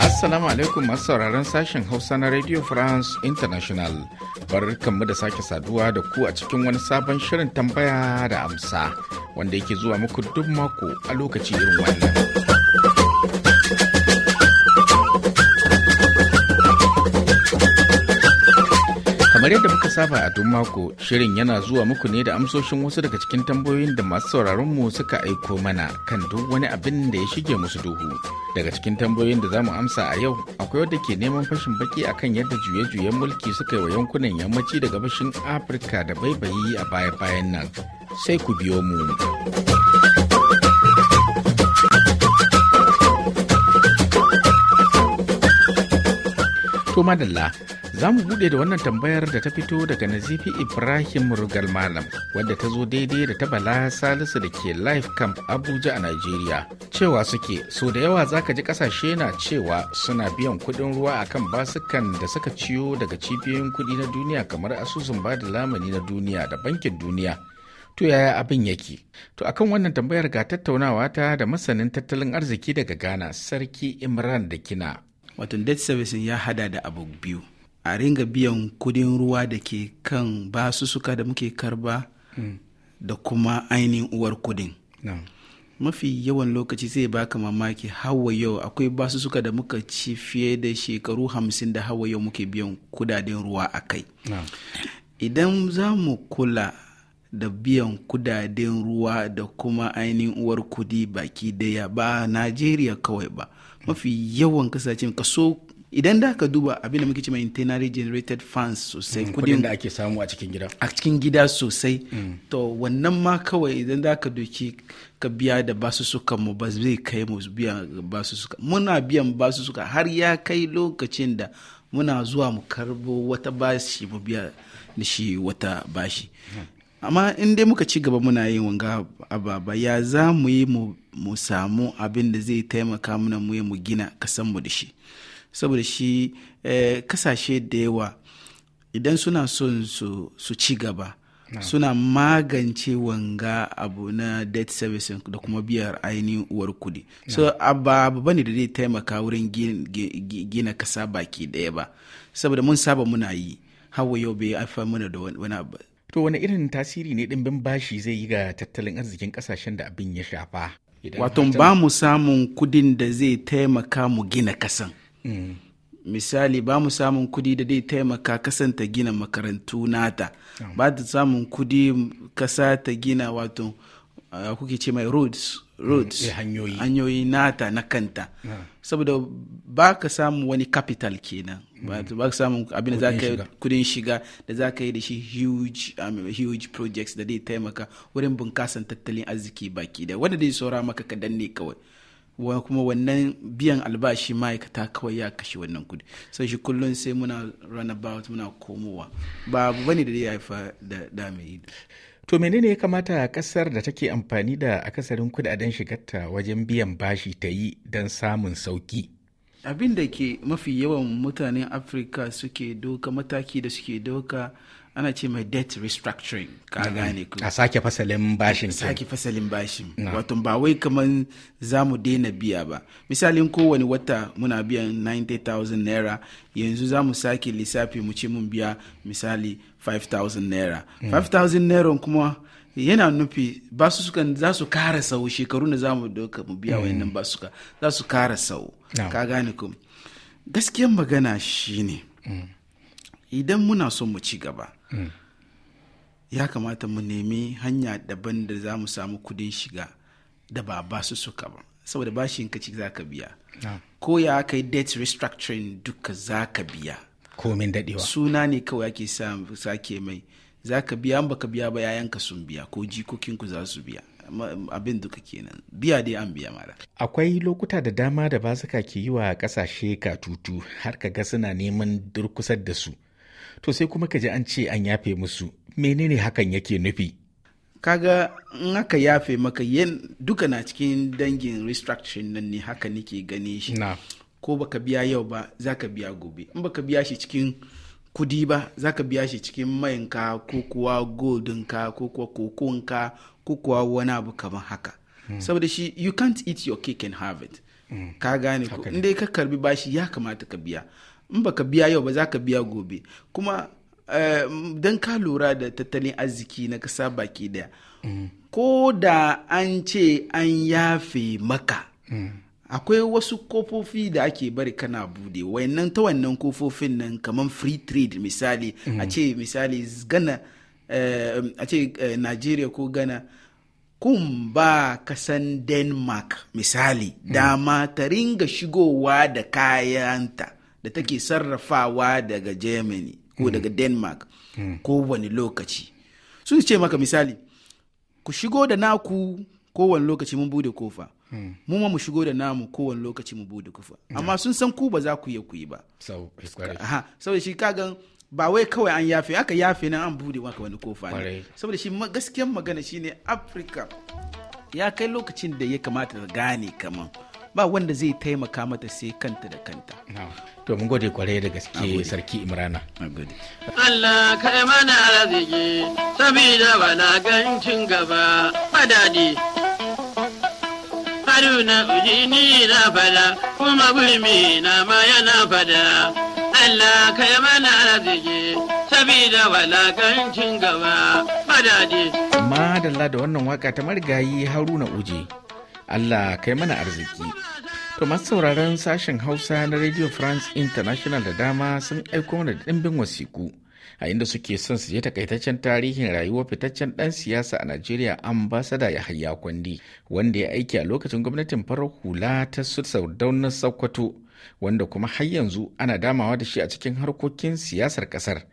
Assalamu alaikum masu sauraron sashen Hausa na Radio France International. Barkanmu da sake saduwa da ku a cikin wani sabon shirin tambaya da amsa wanda yake zuwa muku duk mako a lokaci irin wannan. Kamar yadda muka saba a duk mako, shirin yana zuwa muku ne da amsoshin wasu daga cikin tambayoyin da masu sauraron mu suka aiko mana kan duk wani abin da ya shige musu duhu. Daga cikin tambayoyin da zamu amsa a yau, akwai wadda ke neman fashin baki akan yadda juye-juyen mulki suka yi wa yankunan yammaci da gabashin Afirka da baibayi a baya-bayan nan. Sai ku biyo mu. To madalla, Za mu buɗe da wannan tambayar da ta fito daga Nazifi Ibrahim Rugal Malam wadda ta zo daidai da ta Bala Salisu da ke Life Camp Abuja a Najeriya. Cewa suke so da yawa zaka ji ƙasashe na cewa suna biyan kuɗin ruwa akan basukan da suka ciyo daga cibiyoyin kuɗi na duniya kamar asusun ba da lamani na duniya da bankin duniya. to yaya abin yake to akan wannan tambayar ga tattaunawa ta da masanin tattalin arziki daga ghana sarki imran da kina Watan debt servicing ya hada da abu biyu a ringa biyan kudin ruwa da ke kan basussuka da muke karba hmm. da kuma ainihin uwar kudin mafi yawan lokaci zai baka mamaki hawa yau akwai suka da muka ci fiye da shekaru hamsin da hawa yau muke biyan kudaden ruwa a kai idan za mu kula da biyan kudaden ruwa da kuma ainihin uwar kudi baki daya ba najeriya kawai ba hmm. mafi yawan kasashen kaso idan da ka duba abin da muke cewa internally generated funds sosai mm, kudin da ake samu a cikin gida a cikin gida sosai mm. to wannan ma kawai idan da ka doki ka biya da suka mu ba zai kai mu biya suka muna biyan suka har ya kai lokacin da muna zuwa mu karbo wata bashi mu biya da shi wata bashi mm. amma in dai muka ci gaba muna yin wanga ababa ya za mu yi mu samu abin da zai taimaka mana mu mu gina kasan mu da shi saboda shi eh, kasashe da yawa idan suna son su ci gaba suna magance wanga abu na debt servicing da kuma biyar ainihin uwar kudi so abu bane da zai taimaka wurin gina kasa baki daya ba saboda mun saba muna yi hawa yau bai haifar mana da wani abu to wani irin tasiri ne ɗimbin bashi zai yi ga tattalin arzikin kasashen da abin ya shafa wato ba mu samun kudin da zai taimaka mu gina kasan misali ba mu samun kudi da dai taimaka kasanta gina makarantu nata ba ta samun kudi kasa ta gina wato kuke ce mai roads roads eh, eh, hanyoyi nata na kanta saboda ba ka samu wani capital kenan mm. ba ka samu abin da za ka yi kudin shiga da za ka yi da shi huge um, huge projects da dai taimaka wurin bunkasan tattalin arziki baki da wanda dai saura maka ka danne kawai wa kuma wannan biyan albashi ma'aikata kawai ya kashe wannan kudi sai shi kullum sai muna runabout muna komowa ba abu bane da ya haifa da dami to menene ya kamata kasar da take amfani da akasarin kudaden shigarta wajen biyan bashi ta yi don samun sauki abin da ke mafi yawan mutanen afirka suke doka mataki da suke doka ana ce mai debt restructuring ka gane ku a sake fasalin bashin a sake fasalin bashin wato ba wai kaman za mu daina biya ba misalin kowane wata muna biyan 90,000 naira yanzu za mu sake lissafi mu ce mun biya misali 5,000 naira 5,000 mm. naira kuma yana nufi ba su suka za su kara sau shekaru na za mu doka mu biya mm. wayannan ba ka za su kara sau ka gane ku gaskiyan magana shine mm. idan muna son mu ci gaba ya kamata mu nemi hanya daban da za mu samu kudin shiga da ba ba su suka ba saboda bashin ka ci za ka biya ko ya kai debt restructuring duka za ka biya komin dadewa suna ne kawai ake sake mai za ka biya an baka biya ba yayan ka sun biya ko jikokinku za su biya abin duka kenan biya dai an biya mara. akwai lokuta da dama da ka ke yi wa kasashe tutu har ka ga suna neman durkusar da su to sai kuma ka ji an ce an yafe musu menene hakan yake nufi kaga in aka yafe maka yin duka na cikin dangin restructuring nan ne haka nake gane shi ko baka biya yau ba za ka biya gobe in baka biya shi cikin kudi ba za ka biya shi cikin mayinka ko kuwa goldinka ko kuwa kokonka ko kuwa wani abu kamar haka hmm. saboda shi you can't eat your cake and have it hmm. ka gane ko in dai ka karbi bashi ya kamata ka biya in ka biya yau ba za ka biya gobe kuma eh, don ka lura da tattalin arziki na kasa baki daya mm. ko da an ce an yafe maka mm. akwai wasu kofofi da ake bari kana bude wayannan ta wannan kofofin nan kamar free trade misali mm. a ce misali gana eh, a ce eh, nigeria ko gana kun ba kasan denmark misali dama ta ringa shigowa da kayanta da take sarrafawa daga germany ko daga hmm. denmark hmm. ko wani lokaci sun ce maka misali ku shigo da naku kowane lokaci mun bude kofa hmm. mu ma mu shigo da namu kowane lokaci mu bude kofa amma sun san ku ba za ku yi ku yi ba eh, saboda shi gan ba wai kawai an yafe aka yafe nan an bude maka wani kofa ne saboda shi gaskiyan magana shine afirka ya kai lokacin da ya kamata gane kaman ba wanda zai taimaka mata sai kanta da kanta to mun gode kwarai da gaske sarki imrana Allah ka yi mana arziki saboda gancin gaba madadi haruna ujini na fada kuma bulmi na ma yana fada Allah ka yi mana arziki sabida gancin gaba madadi madalla da wannan waka ta marigayi haruna uje Allah kai mana arziki. To masu sauraron sashen Hausa na Radio France International da dama sun aiko mana da ɗimbin wasiku. A inda suke son su je takaitaccen tarihin rayuwar fitaccen ɗan siyasa a Najeriya ambasada ya hayya kwandi wanda ya aiki a lokacin gwamnatin farar hula ta Saudauna Sokoto wanda kuma har yanzu ana damawa da shi a cikin harkokin siyasar ƙasar.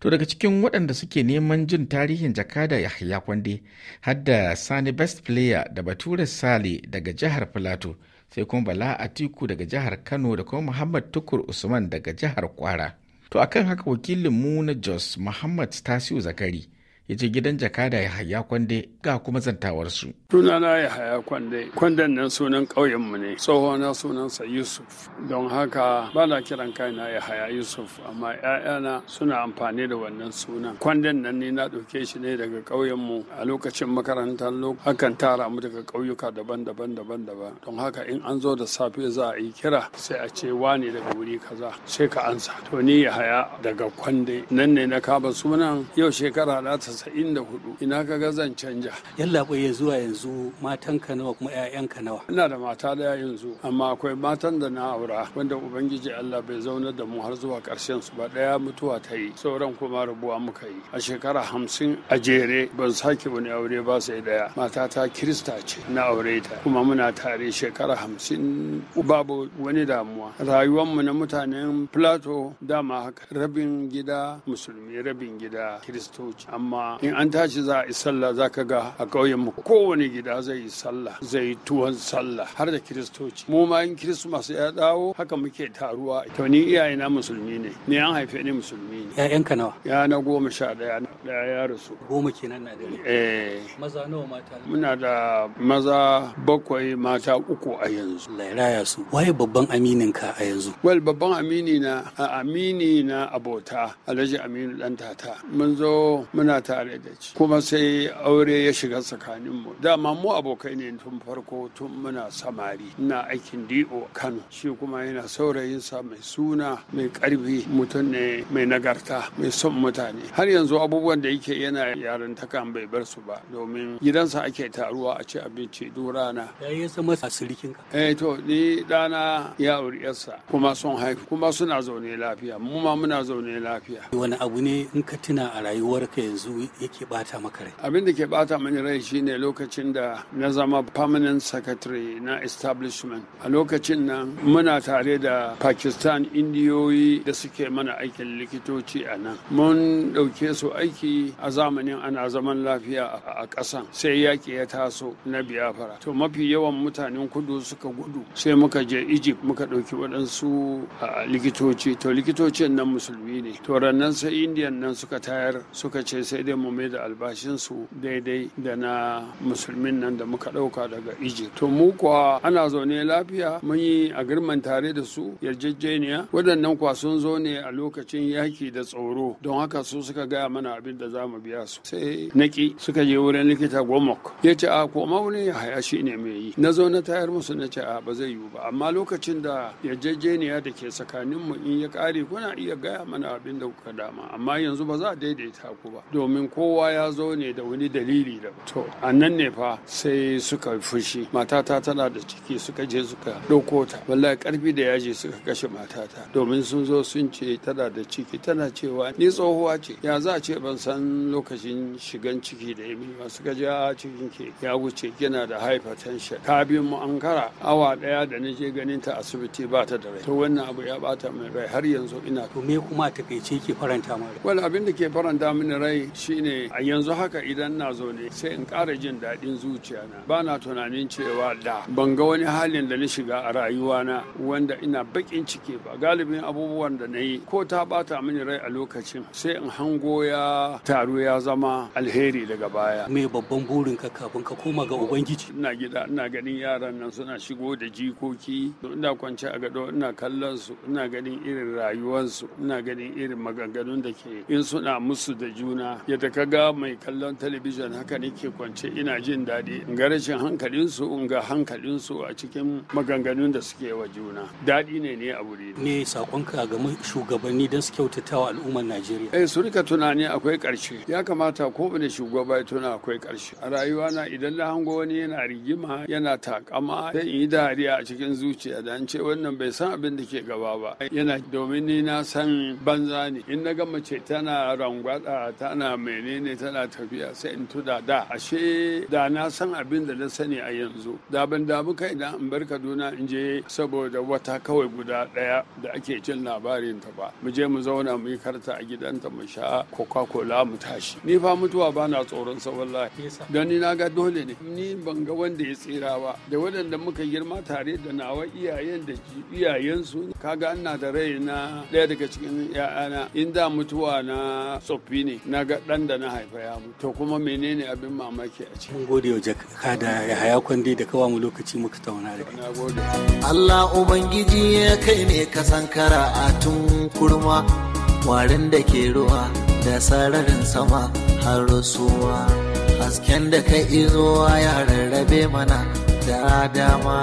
To daga cikin waɗanda suke neman jin tarihin jakada Yahya Kwande har Sani Best Player da Bature Sale daga jihar Filato sai kuma Bala Atiku daga jihar Kano da kuma Muhammad Tukur Usman daga jihar Kwara. To akan haka wakilinmu na Jos Muhammad Tasiu Zakari ya ce gidan jakada ya haya kwande ga kuma zantawarsu. Sunana ya haya kwande, kwanden nan sunan ƙauyenmu ne, tsohona sunansa Yusuf. Don haka ba na kiran kaina ya haya Yusuf, amma ‘ya'yana suna amfani da wannan sunan. kwandon nan ne na ɗauke shi ne daga ƙauyenmu a lokacin makarantar hakan tara mu daga ƙauyuka daban-daban daban-daban. Don haka in an zo da safe za a yi kira sai a ce wane daga wuri kaza sai ka ansa. To ni ya haya daga kwande nan ne na kaba sunan yau shekara na ta 94 ina ka ga zan canja yalla ya zuwa yanzu matan ka nawa kuma ƴaƴan ka nawa ina da mata daya yanzu amma akwai matan da na aura wanda ubangiji Allah bai zauna da mu har zuwa ƙarshen su ba daya mutuwa ta yi sauran kuma rabuwa muka yi a shekara hamsin a jere ban sake wani aure ba sai daya matata kirista ce na aure ta kuma muna tare shekara hamsin babu wani damuwa rayuwanmu na mutanen plato dama haka rabin gida musulmi rabin gida kiristoci amma in an tashi za a yi sallah za ka ga a ƙauyen mu kowane gida zai yi sallah zai yi tuwon sallah har da kiristoci mu ma in masu ya dawo haka muke taruwa to ni na musulmi ne ni an haife ni musulmi ne ƴaƴanka nawa ya na goma sha ɗaya ɗaya ya rasu goma kenan na da eh maza nawa mata muna da maza bakwai mata uku a yanzu lairaya su waye babban aminin ka a yanzu wal babban amini na amini na abota alhaji aminu dan tata mun zo muna ta tare da shi kuma sai aure ya shiga tsakanin mu dama mu abokai ne tun farko tun muna samari na aikin do kano shi kuma yana saurayinsa mai suna mai karfi mutum ne mai nagarta mai son mutane har yanzu abubuwan da yake yana takan bai bar su ba domin gidansa ake taruwa a ci abinci duk rana ya yi sirikin ka eh to ni dana ya auri yarsa kuma sun haifi kuma suna zaune lafiya mu ma muna zaune lafiya wani abu ne in ka tuna a rayuwarka yanzu yake bata maka rai abin da ke bata mani rai shine lokacin da na zama permanent secretary na establishment a lokacin nan muna tare da pakistan indiyoyi da suke mana aikin likitoci a nan mun ɗauke su aiki a zamanin ana zaman lafiya a ƙasan sai yaƙi ya taso na biyafara to mafi yawan mutanen kudu suka gudu sai muka je egypt muka ɗauki waɗansu likitoci to likitocin nan musulmi ne to rannan sai indiyan nan suka tayar suka ce sai dai mu mai da albashinsu daidai da na musulmin nan da muka ɗauka daga egypt to mu kuwa ana zaune lafiya mun yi a girman tare da su yarjejeniya waɗannan kuwa sun zo ne a lokacin yaki da tsoro don haka su suka gaya mana abin da za mu biya su sai naki suka je wurin likita gomok ya ce a koma wurin ya haya shi ne mai yi na zo na tayar musu na ce a ba zai yiwu ba amma lokacin da yarjejeniya da ke tsakaninmu in ya ƙare kuna iya gaya mana abin da kuka dama amma yanzu ba za a daidaita ku ba domin domin kowa ya zo ne da wani dalili da to a nan ne fa sai suka fushi matata tana da ciki suka je suka ɗauko ta wallahi karfi da yaji suka kashe matata domin sun zo sun ce tana da ciki tana cewa ni tsohuwa ce ya za ce ban san lokacin shigan ciki da imi ba suka je a cikin ke ya wuce yana da hypertension ka bi mu ankara awa daya da je ganin ta asibiti ba ta da rai to wannan abu ya bata mai rai har yanzu ina to me kuma ce ke faranta mara wala abin da ke faranta mini rai shine a yanzu haka idan na zo ne sai in ƙara jin daɗin zuciyana ba na tunanin cewa da ban ga wani halin da na shiga a rayuwa na wanda ina baƙin ciki ba galibin abubuwan da na yi ko ta bata mini rai a lokacin sai in hango ya taru ya zama alheri daga baya me babban burin ka kafin ka koma ga ubangiji ina gida ina ganin yaran nan suna shigo da jikoki ina kwance a gado ina kallon su ina ganin irin rayuwarsu ina ganin irin maganganun da ke in suna musu da juna da ka ga mai kallon talabijin haka nake kwance ina jin daɗi ga rashin hankalinsu in ga hankalinsu a cikin maganganun da suke wa juna daɗi ne ne a wuri ne sakonka ga shugabanni don su kyautata wa al'ummar najeriya eh su rika tunani akwai ƙarshe ya kamata ko wani shugaba ya tuna akwai ƙarshe a rayuwa na idan na hango wani yana rigima yana takama zan yi dariya a cikin zuciya da an ce wannan bai san abin da ke gaba ba yana domin ni na san banza ne in na ga mace tana rangwada tana mai menene tana tafiya sai in tuda da ashe da na san abin da na sani a yanzu da ban damu kai da in bar Kaduna in je saboda wata kawai guda ɗaya da ake jin labarin ta ba mu je mu zauna mu yi karta a gidanta mu sha coca-cola mu tashi ni fa mutuwa ba na tsoron sa wallahi don ni na ga dole ne ni ban ga wanda ya tsira ba da waɗanda muka girma tare da nawa iyayen da iyayensu kaga ana da rai na ɗaya daga cikin 'ya'yana inda mutuwa na tsoffi ne na ga ɗan ɗan da na haifa ya to kuma menene abin mamaki a cikin gode wa jaka da ya haya kwande da kawa mu lokaci muka tauna da Allah ubangiji ya kai ne ka sankara a tun kurma warin da ke ruwa da sararin sama har rasuwa hasken da ka izo ya rarrabe mana da dama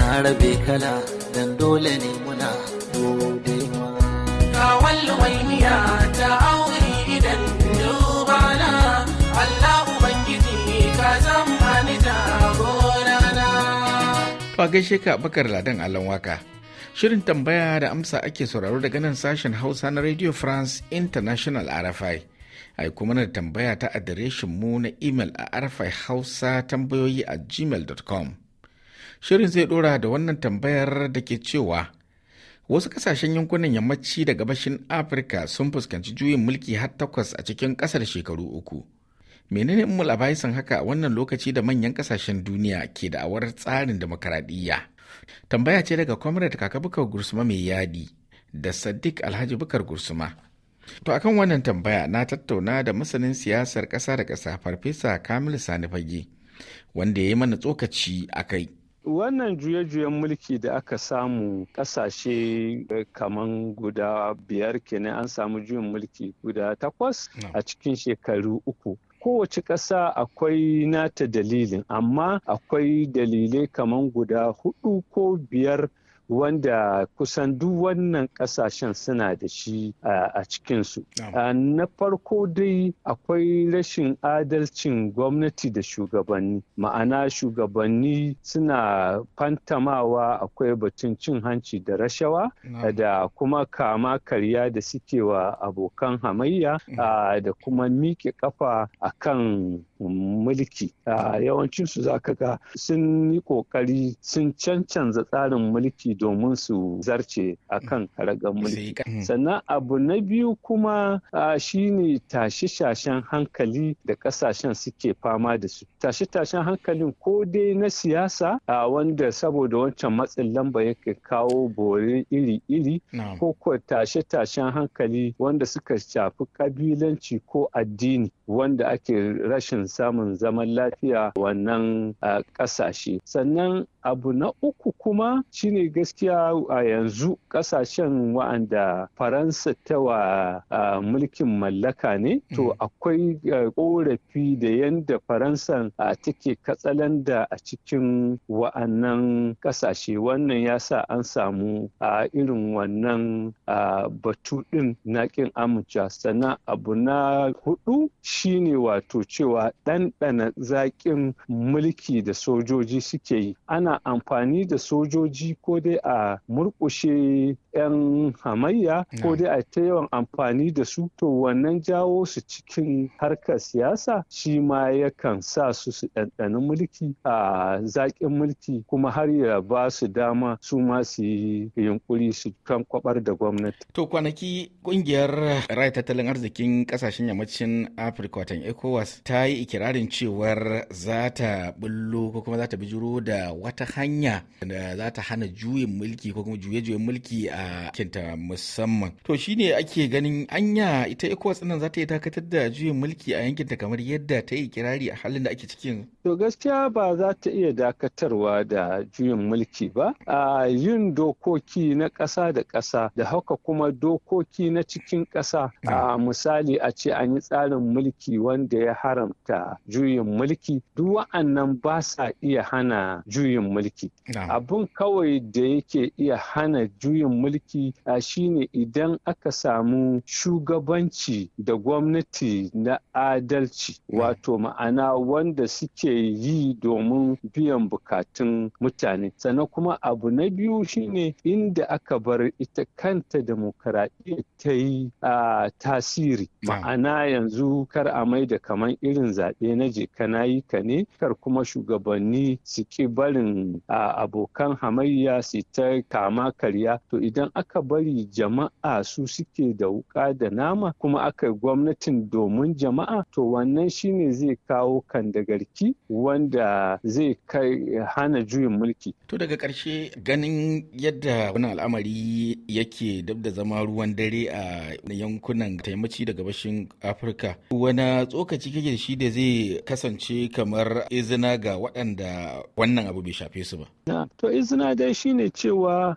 na rabe kala dan dole ne muna dole ma kawal wainiya ta ka gaishe ka bakar ladan allon waka. Shirin tambaya da amsa ake sauraro daga nan sashen Hausa na Radio France International RFI. Ai kuma na tambaya ta adireshin mu na imel a RFI Hausa tambayoyi a gmail.com. Shirin zai dora da wannan tambayar da ke cewa wasu kasashen yankunan yammaci da gabashin afirka sun fuskanci juyin mulki har takwas a cikin kasar shekaru uku menene ummul san haka a wannan lokaci da manyan kasashen duniya ke da awar tsarin demokaradiyya tambaya ce daga comrade kakabukar gursuma mai yadi da sadiq alhaji bukar gursuma to akan wannan tambaya na tattauna da masanin siyasar kasa da kasa farfesa kamilu sani fage wanda ya yi mana tsokaci a kai wannan juye-juyen mulki da aka samu kasashe eh, kaman guda biyar kenan an samu juyin mulki guda takwas a cikin shekaru uku kowace ƙasa akwai nata dalilin amma akwai dalilai kaman guda hudu ko biyar wanda kusan duk wannan kasashen suna da shi a cikinsu. Na farko dai akwai rashin adalcin gwamnati da shugabanni. Ma'ana shugabanni suna fantamawa akwai batun cin hanci da rashawa da kuma kama karya da suke wa abokan hamayya mm. da kuma miƙe kafa a kan mulki. Yawancinsu za ka ga sun yi ƙoƙari sun cancanza tsarin mulki domin su zarce a mm. kan ragar mulki mm. sannan abu na biyu kuma shi ne tashe-tashen hankali da kasashen suke fama da su tashe-tashen hankalin ko dai na siyasa a wanda saboda wancan matsin lamba yake kawo bore iri-iri ko ko tashe-tashen hankali wanda suka shafi kabilanci ko addini wanda ake rashin samun zaman lafiya wannan ƙasashe, sannan abu na uku kuma shine gaskiya a yanzu kasashen wa'anda faransa ta wa mulkin mallaka ne to mm. akwai korafi da yadda faransa take katsalan da a cikin wa'annan kasashe wannan ya sa an samu a irin wannan batu din na kin amincewa sannan abu na hudu shine wato cewa ɗanɗana zaƙin mulki da sojoji suke yi ana ana amfani da sojoji ko dai a murkushe 'yan hamayya ko dai a ta yawan amfani da su to wannan jawo su cikin harkar siyasa shi ma yakan sa su su ɗanɗani mulki a zaƙin mulki kuma har ya ba su dama su ma su yi yunkuri su kan kwabar da gwamnati. To kwanaki ƙungiyar rai tattalin arzikin ƙasashen yammacin Afirka watan ECOWAS ta yi ikirarin cewar za ta bullo ko kuma za ta bijiro da wata wata hanya da za ta hana juyin mulki ko kuma juye-juyen mulki a kinta musamman to shine ake ganin anya ita ecowas nan za ta yi dakatar da juyin mulki a yankinta kamar yadda ta yi kirari a halin da ake cikin to gaskiya ba za ta iya dakatarwa da juyin mulki ba a yin dokoki na ƙasa da ƙasa da haka kuma dokoki na cikin ƙasa a misali a ce an yi tsarin mulki wanda ya haramta juyin mulki duk wa'annan ba sa iya hana juyin mulki abun kawai da yake iya hana juyin mulki a shine idan aka samu shugabanci da gwamnati na adalci wato ma'ana wanda suke yi domin biyan bukatun mutane sannan kuma abu na biyu shine inda aka bar ita kanta demokaradiyya ta yi tasiri ma'ana yanzu kar a mai da kamar irin zaɓe na je ka yi ka ne kar kuma shugabanni su ki barin A abokan hamayya su ta kama karya to idan aka bari jama'a su suke da wuka da nama kuma aka yi gwamnatin domin jama'a to wannan shine zai kawo kandagarki wanda zai kai hana juyin mulki to daga ƙarshe ganin yadda wani al'amari yake dab da zama ruwan dare a yankunan taimaci da gabashin afirka wani tsokaci kake da shi da zai kasance kamar izina ga waɗanda wannan abu bai shafi shafe su ba. To izina dai shi ne cewa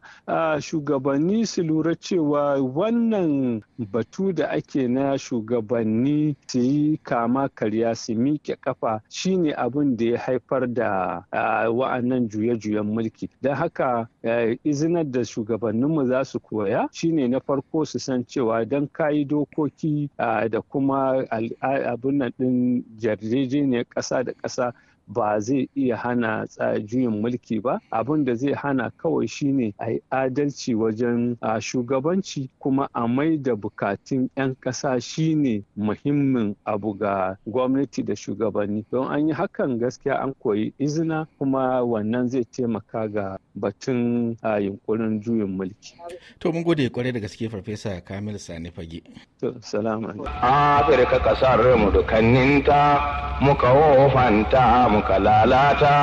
shugabanni su lura cewa wannan batu da ake na shugabanni su yi kama karya su miƙe kafa ne abin da ya haifar da wa'annan juye-juyen mulki. Don haka izinar da shugabanninmu za su koya shi ne na farko su san cewa don kayi dokoki da kuma abin nan ɗin ne ƙasa da ƙasa ba zai iya hana juyin mulki ba abin da zai hana kawai shine a yi adalci wajen shugabanci kuma a mai da bukatun 'yan ƙasa shine muhimmin abu ga gwamnati da shugabanni don an yi hakan gaskiya an koyi izina kuma wannan zai taimaka ga batun yunkurin juyin mulki. To mun gode kwarai da gaske Farfesa Kamil Sani Fage. To salamu Afirka kasar mu dukanninta muka wofanta muka lalata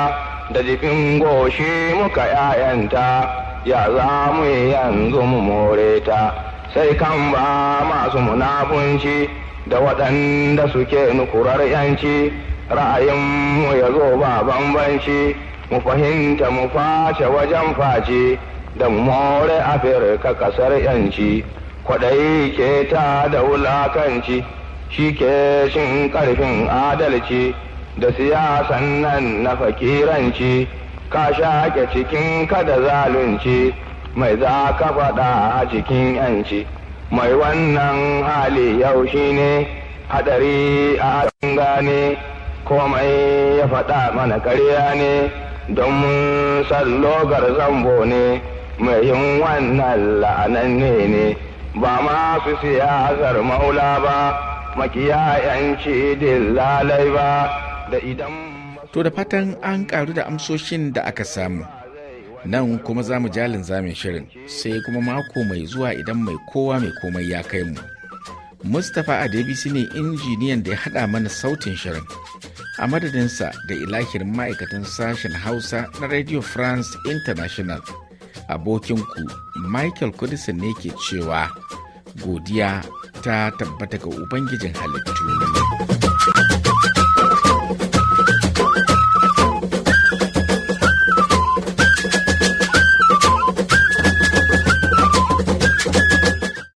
da jikin goshi muka ‘ya'yanta ya za mu yi yanzu mu more ta sai kan ba masu munafunci da waɗanda suke nukurar yanci ra'ayinmu ya zo ba bambanci mu fahimta mu face wajen face da more afirka kasar yanci kwaɗayi ke ta da wulakanci shi ke shin ƙarfin adalci da siyasan nan na fakiranci ka shake cikin kada zalunci mai za ka faɗa a cikin yanci mai wannan hali yau shi ne haɗari a haɗin gane komai ya faɗa mana karya ne don mun logar zambo ne mai yin wannan la'ananne ne ba masu siyasar maula ba makiya yanci dillalai ba to da fatan an karu da amsoshin da aka samu nan kuma za mu jalin zamin shirin sai kuma mako mai zuwa idan mai kowa mai komai ya kai mu mustapha adebisi ne injiniyan da ya haɗa mana sautin shirin a madadinsa da ilahirin ma'aikatan sashen hausa na radio france international abokinku michael kudisin ne ke cewa godiya ta tabbata ga ubangijin halittu